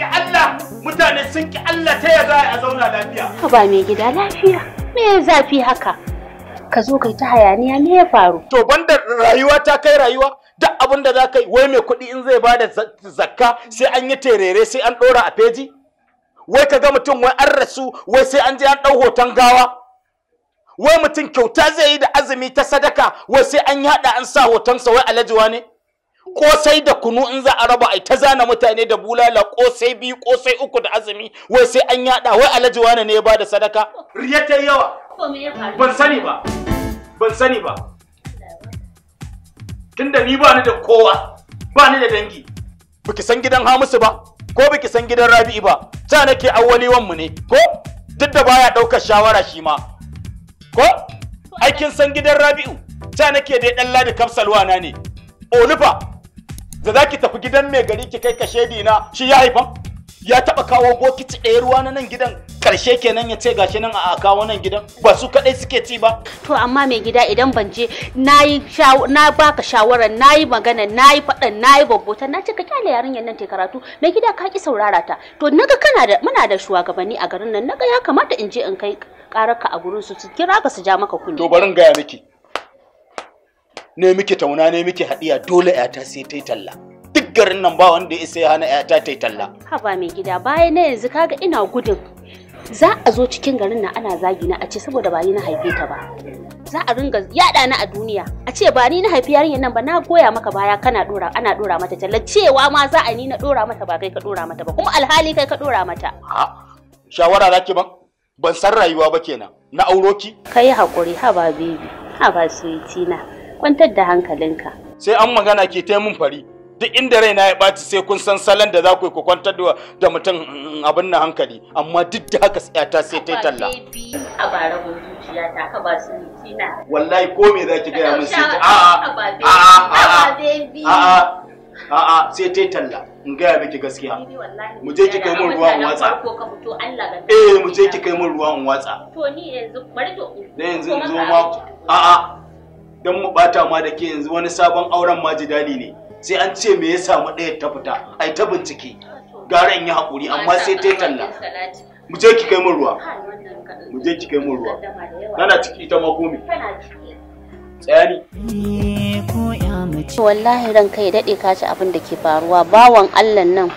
Ki Allah mutane sun ki Allah ta ya a zauna lafiya. Haba mai gida lafiya. Me ya zafi haka? Ka zo kai ta hayaniya me ya faru? To banda rayuwa ta kai rayuwa duk abin da za ka yi wai mai kuɗi in zai bada zakka sai an yi terere sai an ɗora a feji? Wai ka ga mutum wai an rasu wai sai an je an ɗau hoton gawa? Wai mutum kyauta zai yi da azumi ta sadaka wai sai an haɗa an sa hotonsa wai alajiwa ne? kosai da kunu in za a raba ai ta zana mutane da bulala kosai biyu kosai uku da azumi wai sai an yada wai alhaji wani ne ya bada sadaka riya ta yawa ban sani ba ban sani ba tunda ni ba ni da kowa ba ni da dangi biki san gidan hamisu ba ko biki san gidan rabi'i ba ta nake awwaliwan mu ne ko duk da baya daukar shawara shi ma ko aikin san gidan rabi'u ta nake dai dan ladi kafsalwana ne olufa da za ki tafi gidan mai gari ki kai kashe na shi ya haifa ya taba kawo bokiti ɗaya ruwa na nan gidan karshe kenan ya ce gashi nan a kawo nan gidan ba su kadai suke ci ba to amma mai gida idan ban je nayi na baka shawara nayi magana nayi fadan nayi babbota na ce ka kyale yarinyar nan ta karatu mai gida ka ki saurara ta to naga kana da muna da shugabanni a garin nan naga ya kamata in je in kai karaka a gurin su su kira ka su ja maka kunya to barin gaya miki ne miki tauna ne miki haɗiya dole yata sai ta talla duk garin nan ba wanda ya sai hana yata ta yi talla haba mai gida bayan na yanzu kaga ina gudun za a zo cikin garin nan ana zagi na a ce saboda ba ni na haife ta ba za a ringa yada na a duniya a ce ba ni na haifi yarinyar nan ba na goya maka baya kana dora ana dora mata talla cewa ma za a ni na dora mata ba kai ka dora mata ba kuma alhali kai ka dora mata shawara zaki ban ban san rayuwa ba kenan na auroki kai hakuri ha ba bibi ha ba sweetie na kwantar da hankalinka sai an magana ke ta mun fari duk inda raina ya ɓaci sai kun san salon da za ku yi ku kwantar da mutum mm, abin na hankali amma duk da haka tsayata sai ta yi talla a bara mun zuciya ta ka ba su kina wallahi ko me zaki gaya min sai ta a a A'a a sai ta yi talla in gaya miki gaskiya mu je ki kai mun ruwa in watsa eh mu je ki kai mun ruwa in watsa to ni yanzu bari to ne yanzu zo ma a don mu bata ma da ke yanzu wani sabon auren ma ji dadi ne sai an ce me ya samu ɗaya ta fita ai ta bincike gara in yi haƙuri amma sai ta talla mu je ki kai mun ruwa mu je ki kai mun ruwa kana ciki ita ma komi tsayani wallahi ran kai daɗe ka ci abin da ke faruwa bawan allah nan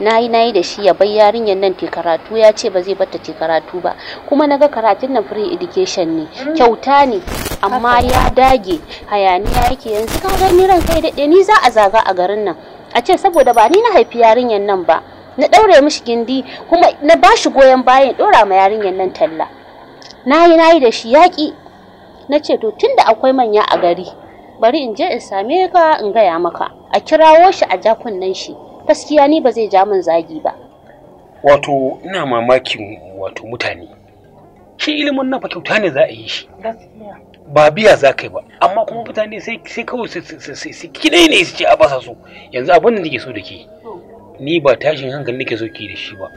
na yi na yi da shi ya bai yarinyar nan ke karatu ya ce ba zai bata ke karatu ba kuma na ga karatun nan free education ne mm. kyauta ne amma ya dage hayaniya yake yanzu ka gani ran kai daɗe ni za a zaga a garin nan a ce saboda ba ni na haifi yarinyar nan ba na ɗaure mishi gindi kuma na ba shi goyon bayan ɗora ma yarinyar nan talla na yi na yi da shi yaƙi na ce to tunda akwai manya a gari bari in je in same ka in gaya maka a kirawo shi a jakunan shi gaskiya ni ba zai ja min zagi ba wato ina mamakin wato mutane shi ilimin na kyauta ne za a yi shi ba biya za ka yi ba amma kuma mutane sai kawai su ne su ce a basa so yanzu abin da nake so da ke ni ba tashin hankali nake so ki da shi ba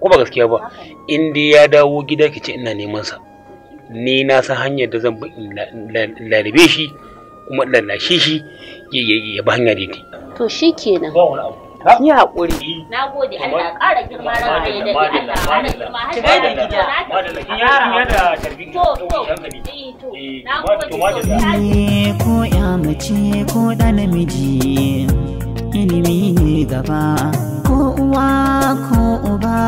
ko ba gaskiya ba in dai ya dawo gida ki ce ina neman sa ni na san hanyar da zan lalabe shi kuma lallashe shi ya ba hanya daidai to shikenan ba wani abu yi haƙuri. Eh. Na gode Allah ƙara girma girma har da gida. Madalla ya to. Eh, Na gode. Ko ya mace ko da namiji ilimi ne gaba ko uwa ko uba